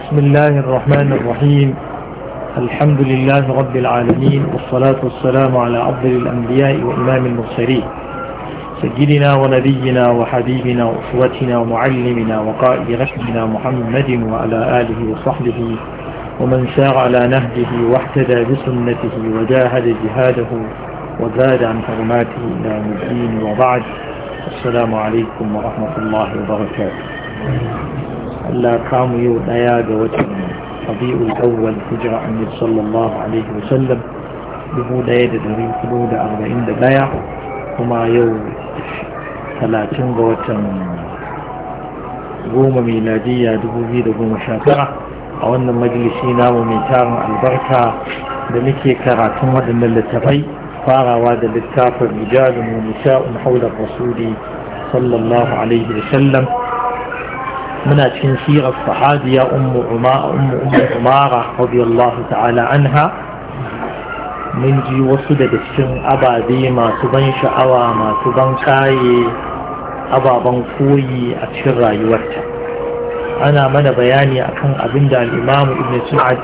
بسم الله الرحمن الرحيم الحمد لله رب العالمين والصلاة والسلام على أفضل الأنبياء وإمام المرسلين سيدنا ونبينا وحبيبنا وأسوتنا ومعلمنا وقائد رشدنا محمد وعلى آله وصحبه ومن سار على نهجه واحتدى بسنته وجاهد جهاده وزاد عن حرماته إلى الدين وبعد السلام عليكم ورحمة الله وبركاته Allah kamu yau daya ga watan rabi'ul awwal hijira annabi sallallahu alaihi wa wasallam 1441 kuma yau 30 ga watan goma miladiya 2019 a wannan majalisi namu mai tarin albarka da muke karatun waɗannan littafai farawa da littafin rijalun wa nisa'un haular rasuli sallallahu alaihi wa sallam. muna cikin sirar sahabiya ummu umara radiyallahu ta'ala anha mun ji wasu daga cikin ababe masu ban sha'awa masu ban kaye ababen koyi a cikin rayuwarta ana mana bayani akan abin da al'imamu ibn su'ad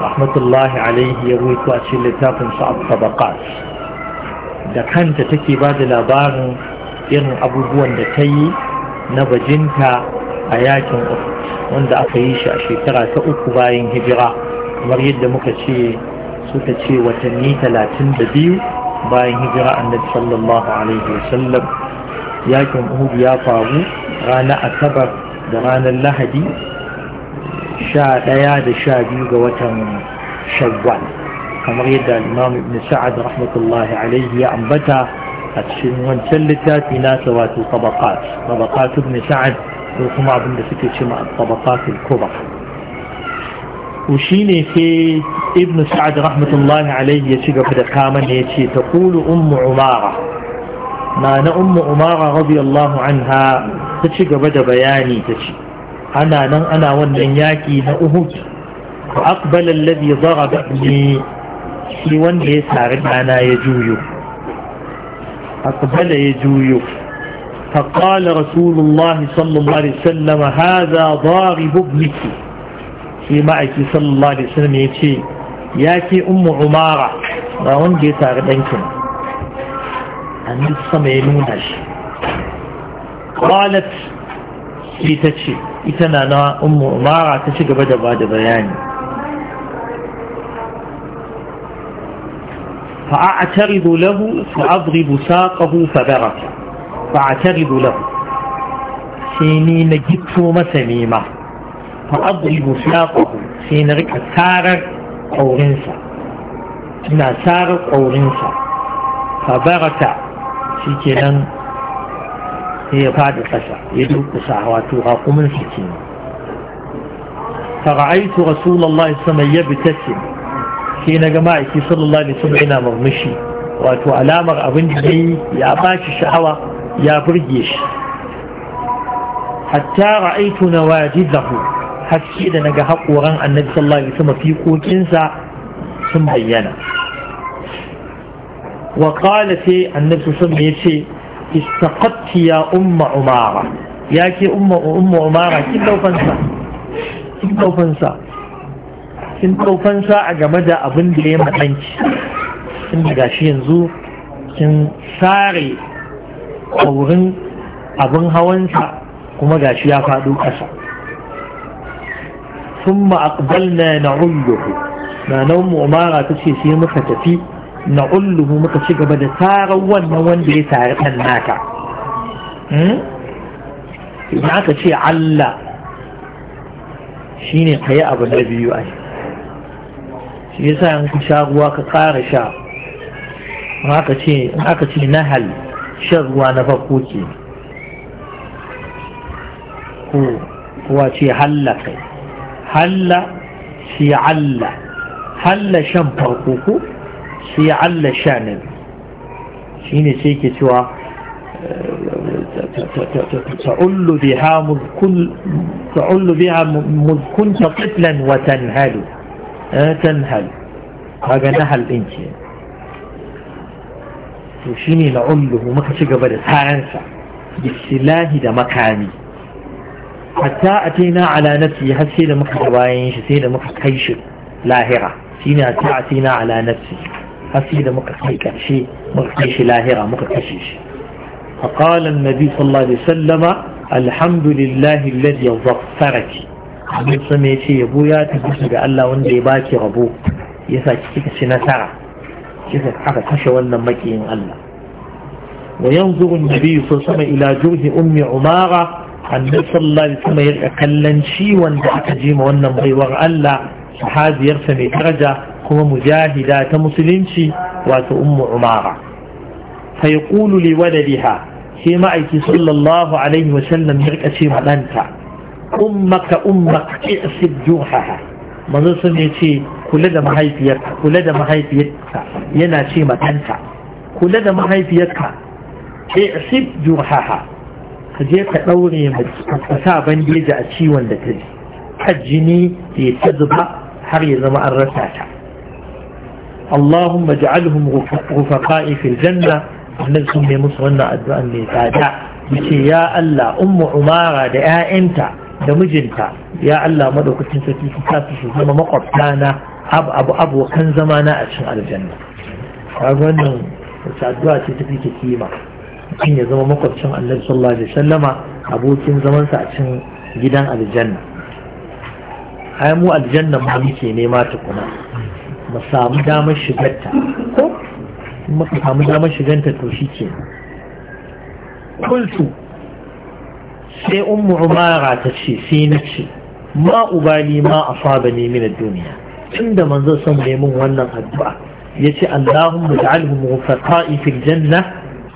rahmatullahi alaihi ya ruwaito a cikin littafin sa'ad tabaqat da kanta take ba da labarin irin abubuwan da ta yi na bajinta a yakin wanda aka yi shi a shekara ta uku bayan hijira kamar yadda muka ce suka ce watanni talatin da biyu bayan hijira annabi sallallahu alaihi wasallam yakin uhud ya faru ranar asabar da ranar lahadi sha ɗaya da sha biyu ga watan shawwal kamar yadda imam ibn sa'ad rahmatullahi alaihi ya ambata a cikin wancan littafi nasa wato tabaqat tabaqat ibn sa'ad ko kuma abin da suke ce ma tabaqatul kubra to shine sai ibnu sa'ad rahmatullahi alayhi ya ci gaba da kama ne yace taqulu ummu umara Nana na ummu umara radiyallahu anha ta ci gaba da bayani ta ce ana nan ana wannan yaki na uhud fa aqbala alladhi daraba ni shi wanda ya sari dana ya juyo aqbala ya juyo فقال رسول الله صلى الله عليه وسلم هذا ضارب ابنك في معك صلى الله عليه وسلم يتشي ياتي أم عمارة راون جيتا غدنكم أن يتصمعون هشي قالت إتنا انا أم عمارة تشي قبدا بعد بياني فأعترض له فأضرب ساقه فبركه فاعترض له سينين جدتو مسميمة فأضرب ساقه سينرك سارر قورنسا إنا سارر قورنسا فبرك سيكنا هي فاد قسا يدوك سعواته غاقم سكين فرأيت رسول الله صلى الله عليه وسلم يبتسم سينا جماعتي صلى الله عليه وسلم مغمشي wato alamar abin da ya ba shi sha'awa ya burge shi hatta ra'aitu nawajidahu haske da naga haƙoran annabi sallallahu alaihi wasallam fiƙoƙinsa sun bayyana wa qala sai annabi sallallahu alaihi wasallam yace istaqatti ya umma umara yake umma umma umara kin daukansa kin daukansa kin daukansa a game da abin da ya madanki kin gashi yanzu kin sare ƙaurin abin hawansa kuma gashi ya faɗo ƙasa sun ma'aƙbalna na ulluhu na nan umara ta ce sai muka tafi na ulluhu muka ci gaba da tarar wannan wanda ya tare ɗan naka hmm? idan aka ce Allah shine ka yi abu na biyu a shi yasa in sha ruwa ka ƙara sha in aka ce nahal shan ruwa na farko ke ko kuwa ce halla kai halla shi alla halla shan farko ko shi alla sha na shi ne sai ke cewa تعل بها مذ كن تعل بها مذ كنت طفلا وتنهل to shine na'ulluhu muka ci gaba da sayansa bisilahi da makami hatta atina ala nafsi har sai da muka ga bayan shi sai da muka kai shi lahira shine hatta atina ala nafsi har sai da muka kai karshe muka kai shi lahira muka kashe shi فقال النبي صلى الله عليه وسلم الحمد لله الذي ظفرك abin su mai ce yabo ya tafi ga Allah wanda ya baki rabo ya sa ki kika ci nasara kika aka kashe wannan makiyin Allah wa yanzu annabi sallallahu ila juhi ummi umara annabi sallallahu alaihi wasallam ya kallon ciwon da aka jima wannan baiwar Allah sahabiyarsa mai daraja kuma mujahida ta musulunci wato ummu umara fa yaqulu li waladiha sai ma'aiki sallallahu alaihi wasallam ya rika ce ma danta ummaka ummaka isib juhaha manzo sun ce kula da mahaifiyarka kula da mahaifiyarka yana ce matanta kula da mahaifiyarka i'sib juhaha ka je ka daure ka sa bandeji a ciwon da ta ji kan jini ya ta zuba har ya zama an rasa ta اللهم اجعلهم رفقائي في الجنة wannan sun ne musu wannan addu'an mai tsada yace ya Allah ummu umara da 'ya'yanta da mijinta ya Allah madaukakin sarki ka su zama makwabtana abu abu abokan zamana a cikin aljanna kaga wannan wacce addu'a ce ta fi kima mutum ya zama makwabcin Allah sallallahu alaihi wasallama abokin zamansa a cin gidan aljanna ai mu aljanna ma muke nema tukuna mu samu damar shigarta ko muka samu damar shiganta to shi ke kultu sai ummu umara ta ce sai na ce ma ubali ma a asaba ne min duniya tunda manzo son nemin wannan addu'a Ya yace Allahumma ij'alhum ghufata'i fil janna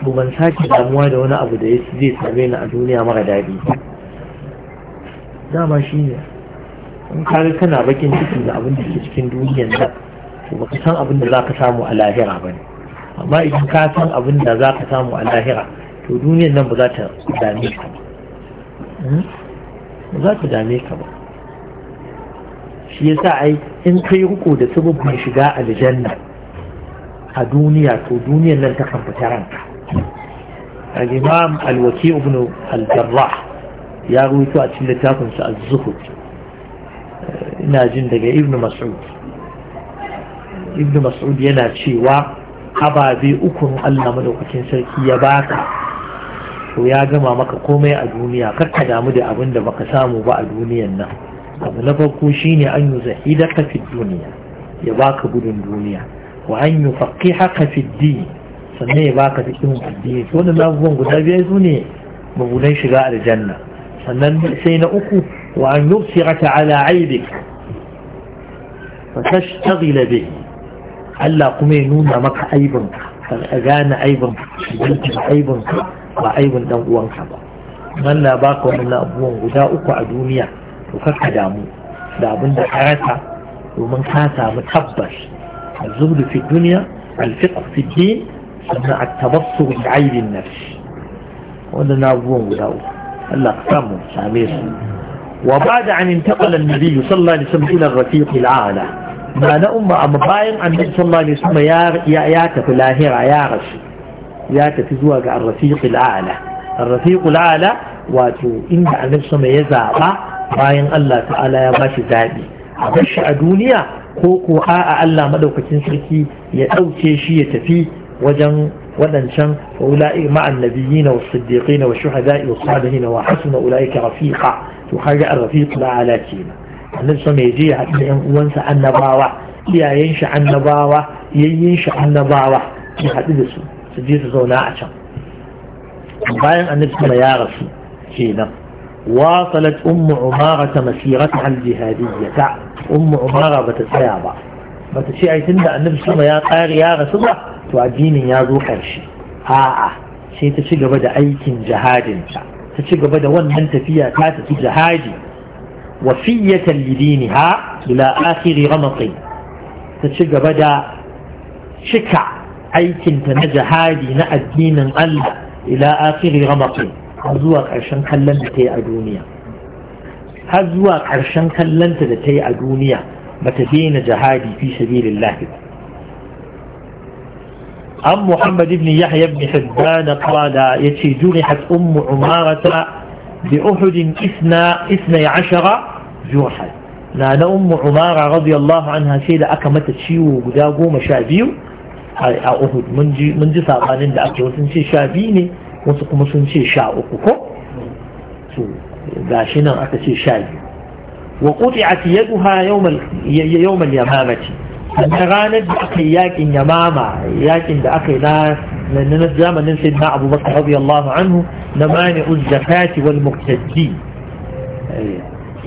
to ban sake damuwa da wani abu da zai same ni a duniya mara daɗi dama shi ne in kaga kana bakin ciki da abin da ke cikin duniyar nan to baka san abin da zaka samu a lahira ba ne amma idan ka san abin da zaka samu a lahira to duniyar nan ba za ta dame ka ba hmm? ba za ta dame ka ba shi yasa ai in kai riko da sabon shiga aljanna a duniya to duniyar nan ta kan ranka al-imam al ibn al-jarrah ya ruwaito a cikin littafin sa zuhud ina jin daga ibn mas'ud ibn mas'ud yana cewa ababe ukun Allah madaukakin sarki ya baka to ya gama maka komai a duniya ka damu da abin da baka samu ba a duniyan nan abu na farko shine an yi zahidaka fi duniya ya baka gudun duniya وأن يفقحك haka الدين sannan ya baka cikin addini to wannan abubuwan guda biyar su ne mabulan shiga aljanna sannan sai na uku wa an yubsiraka ala aibik fa ta bi Allah kuma ya nuna maka aibin ka gane aibin ka aibin ka ba aibin dan uwanka ba Allah baka wannan abubuwan guda uku a duniya to ka damu da abin da ka rasa domin ka samu tabbas الزهد في الدنيا الفقه في الدين سمع التبصر بعين النفس وانا نعبون ولو هلا اقسامه ساميس وبعد أن انتقل النبي صلى الله عليه وسلم إلى الرفيق الأعلى ما نأم بايم أن النبي صلى الله عليه وسلم ياتف لاهرة يارس ياتف زواج الرفيق الأعلى الرفيق الأعلى واتو إن النبي صلى الله عليه وسلم يزعب باين الله تعالى يباشي ذاتي أبشع دنيا koko a a Allah madaukakin sarki ya dauke shi ya tafi wajen wadancan ula'i ma'an nabiyyi na wasu siddiƙi na wasu hada'i wa hasuna ula'i ka rafiqa to kaga a rafiqu la ala kenan annabi sama ya je ya haɗu da ƴan uwansa annabawa iyayen shi annabawa yayyin shi annabawa ya haɗu da su su ji su zauna a can bayan annab sama ya rasu kenan wasalat ummu umara ta masirata al ummu umara bata tsaya ba bata ce ai tunda annabi sama ya tsari ya rasu ba to addinin ya zo karshe a'a sai ta ci gaba da aikin jihadinta ta ci gaba da wannan tafiya ta tafi jihadi wasiyatan lidiniha ila akhiri ramati ta ci gaba da cika aikinta na jihadi na addinin Allah ila akhiri ramati zuwa ƙarshen kallon da ta yi a duniya har zuwa ƙarshen kallonta da ta yi a duniya ba ta daina jihadi fi sabilillah عن محمد بن يحيى بن حبان قال يتي جرحت أم عمارة بأحد إثنى, إثنى عشر جرحا لأن أم عمارة رضي الله عنها سيدة أكمت تشيو قداغو مشابيو a Uhud mun ji sabanin da ake wasu ce sha biyu ne wasu kuma sun ce sha uku ko باشنر أكسي شاي وقطعت يدها يوم, ال... يوم اليمامة فنغانت بأخي ياكن يماما ياكن بأخي لا لأننا الزامة ننسي مع أبو بكر رضي الله عنه نمانع الزكاة والمقتدي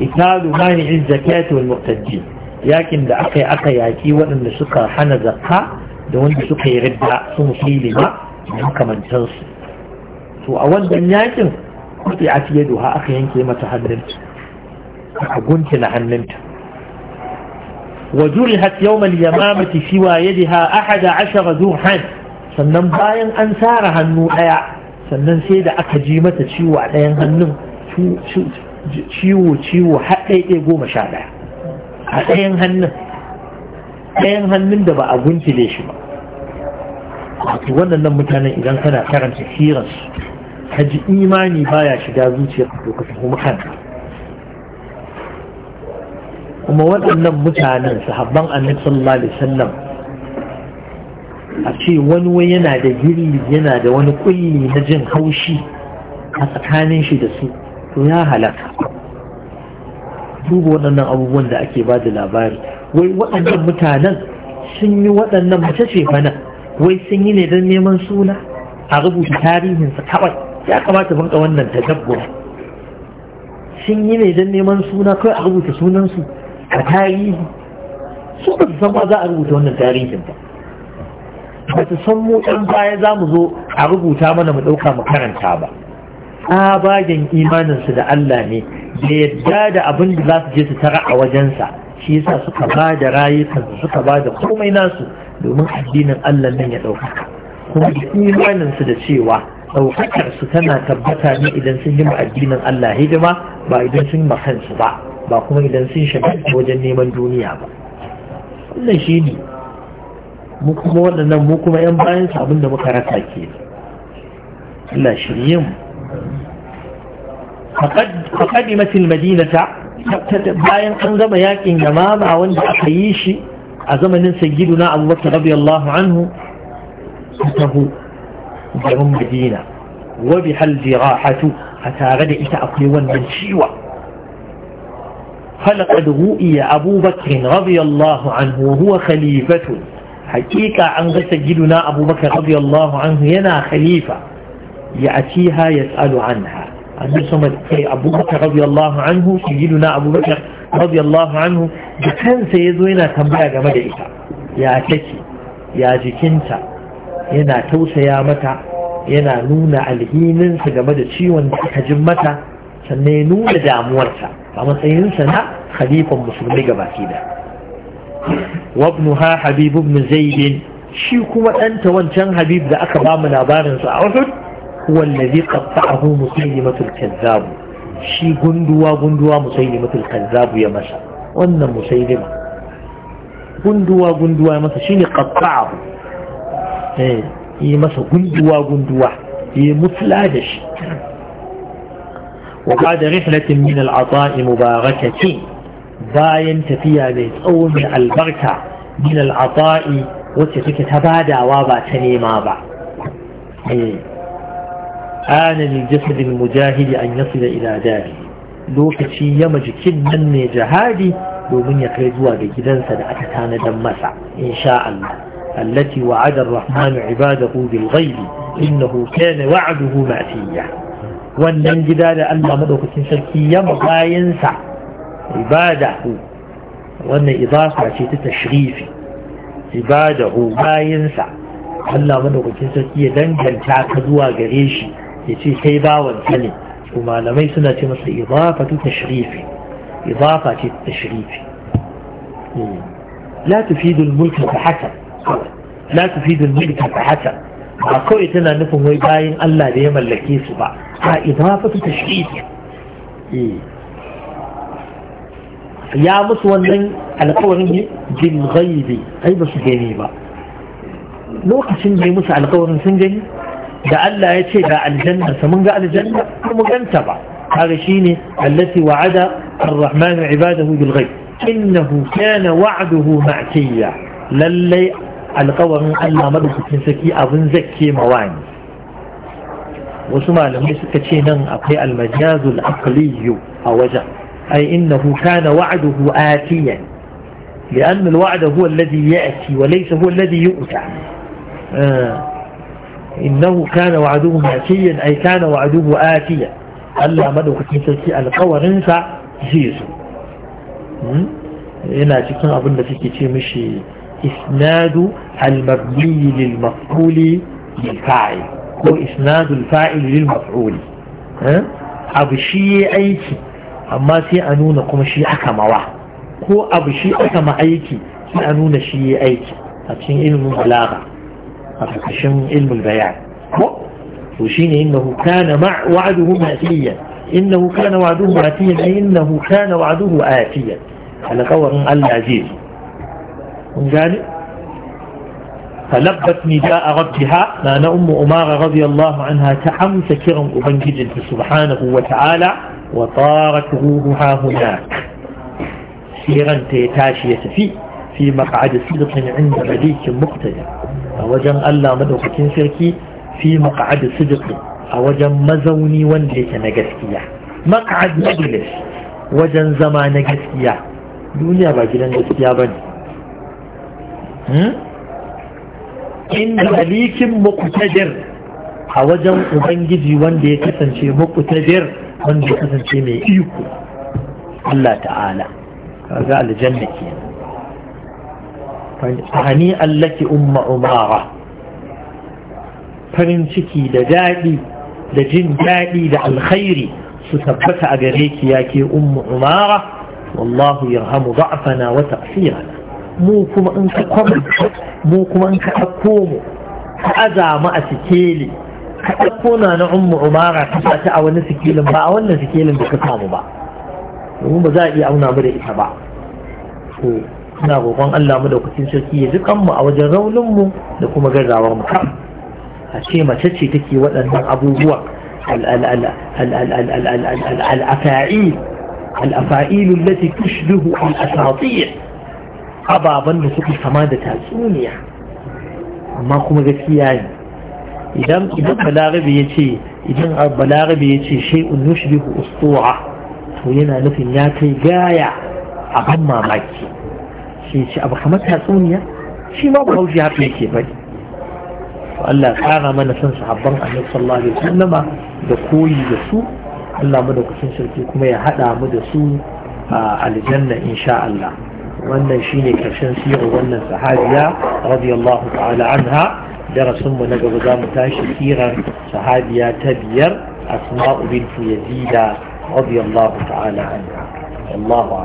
إكاد إيه. مانع الزكاة والمقتدي ياكن بأخي أخي ياكي وأن سكر حن زقا دون سكر يغدى سمسي لما محكما تنصي سوأول بنياتهم kuɗi a fiye duha aka yanke mata hannunta aka guntula hannunta وجرحت يوم اليمامة في وايدها أحد ashara ذرحا sannan bayan an tsara hannu daya sannan sai da aka ji mata ciwo a ɗayan hannun ciwo ciwo har ɗaiɗai goma sha ɗaya a ɗayan hannun ɗayan hannun da ba a guntule shi ba wato wannan mutanen idan kana karanta hirarsu haji imani baya shiga zuciya lokacin kuma kanka kuma waɗannan mutanen sahabban annabi sallallahu alaihi wasallam a ce wani wai yana da giri yana da wani kulli na jin haushi a tsakanin shi da su to ya halaka duba waɗannan abubuwan da ake ba da labari wai waɗannan mutanen sun yi waɗannan mace ce fana wai sun yi ne don neman suna a rubuta tarihinsa kawai ya kamata mun ga wannan tadabbur sun yi ne don neman suna kawai a rubuta sunansu a tarihi su ba su san za a rubuta wannan tarihin ba ba su san mu ɗan baya za mu zo a rubuta mana mu ɗauka mu karanta ba tsabagen imaninsu da Allah ne da yadda da abin da za su je su tara a wajensa shi yasa suka ba da rayukansu suka ba da komai nasu domin addinin Allah nan ya ɗauka kuma imaninsu da cewa ɗaukakar su tana tabbata ne idan sun yi addinin Allah hidima ba idan sun ma kansu ba ba kuma idan sun shiga wajen neman duniya ba wannan shi ne mu kuma waɗannan mu kuma yan bayan abin da muka rasa ke Allah shirye mu فقدمت المدينة bayan an gama yakin yamama wanda aka yi shi a zamanin sayyiduna Abu Bakar radiyallahu anhu tahu garin madina wabi hal rahatu a tare da ita akwai wannan ciwa falakad ru'iya abubakirin rabiyallahu an huwa khalifatu hakika an gasa giduna abubakir rabiyallahu an yana khalifa ya a ciha ya tsalu an a bi sama da abubakir rabiyallahu an hu shi da kansa ya zo yana tambaya game da ita ya take ya jikinta yana tausaya mata yana nuna alhininsa game da ciwon da aka jin mata sannan ya nuna damuwarsa a matsayinsa na khalifan musulmi gabaki da wabnuha habib ibn zaid shi kuma ɗanta wancan habib da aka bamu labarin sa a uhud huwa allazi qatta'ahu musaylimatul kazzab shi gunduwa gunduwa musaylimatul kazzab ya masa wannan musaylima gunduwa gunduwa masa shine qatta'ahu Eh, yi masa gunduwa gunduwa yi mutla da shi wa ba da rihlatin min al'ata'i mubarakati bayan tafiya mai tsawo mai albarka min al'ata'i wacce take ta badawa ba ta nema ba آن jasadin mujahidi أن يصل da داره lokaci ya jikin nan ne jihadi domin ya kai zuwa ga gidansa da aka tanadar masa insha Allah التي وعد الرحمن عباده بالغيب إنه كان وعده مأتية وأن جدال الا مضوك تنسكي يمضى ينسى عباده وأن إضافة شيء تشريف عباده ما ينسى ألا مضوك تنسكي دنجل تعتدوا قريش يتي سيبا وانسلي وما لم يسنى تمثل إضافة تشريف إضافة تشريف لا تفيد الملك فحسب kawai la tufidu milka ba kawai tana nufin wai bayan Allah da ya mallake su ba a idafatu ya musu wannan alkawarin ne ghaibi ai ba su gani ba lokacin da ya musu alkawarin sun gani da Allah ya ce ga aljanna sa mun ga aljanna kuma ganta ba هذا شيني التي وعد الرحمن عباده بالغيب إنه كان وعده مأتيا lallai alkawarin Allah madaukakin saki abin zakke mawani wasu malamai suka ce nan akwai almajazul aqliyu a wajen ai innahu kana wa'duhu atiyan لأن الوعد هو الذي يأتي وليس هو الذي يؤتى آه. إنه كان وعده مأتيا أي كان وعده آتيا ألا مدوك تنسلسي القوار انسى زيزو cikin abin da suke ce mishi الإسناد المبني للمفعول للفاعل هو إسناد الفاعل للمفعول أبشي أيكي أما سي أنون قم شيء أكما واحد هو أبشي أكما أيكي سي أنون شيء أيكي أبشين علم البلاغة أبشين علم البيان وشين إنه كان مع وعده مأتيا إنه كان وعده مأتيا إنه كان وعده آتيا على قوة الله عزيز kun gane falabbat nida'a rabbiha na na ummu umara radiyallahu anha ta amsa kiran ubangijinta subhanahu wa ta'ala wa tarat ruhuha hunak siranta ya tashi ya tafi fi maq'adi sidqin 'inda malikin muqtada a wajen Allah madaukakin sarki fi maq'adi sidqin a wajen mazauni wanda yake na gaskiya maq'ad majlis wajen zama na gaskiya duniya ba gidan gaskiya bane Hmm? inda malikin muqtadir a wajen ubangiji wanda ya kasance muqtadir wanda ya kasance mai iko Allah ta'ala kaga aljanna kenan hani allaki umma umara farin ciki da daɗi da jin daɗi da alkhairi su tabbata a gare ki yake ummu umara wallahu yarhamu da'fana wa taqsirana mu kuma in ka kwamta mu kuma in ka ɗauko mu ka aza mu a sikeli ka ɗauko na na ummu umara ka sa ta a wani sikelin ba a wannan sikelin da ka samu ba domin ba za a iya auna mu da ita ba to ina roƙon Allah mu da kucin sarki ya dukan mu a wajen raunin mu da kuma gazawar mu kam a ce mace ce take waɗannan abubuwa الأفاعيل الأفاعيل التي تشبه الأساطير ababen da suke kama da tatsuniya amma kuma gaskiya ne idan idan balarabe ya ce idan balarabe ya ce ustuwa to yana nufin ya kai gaya a ban mamaki shi ce abu kamar tatsuniya shi ma haushi haka yake bari Allah kara mana son sahabban annabi sallallahu alaihi wasallama da koyi da su Allah madaukakin sarki kuma ya hada mu da su a aljanna insha Allah wannan shine karshen sirar wannan sahabiya radiyallahu ta'ala anha darasin mu na gaba za mu tashi hirar sahabiya ta biyar asma'u bintu yazida radiyallahu ta'ala anha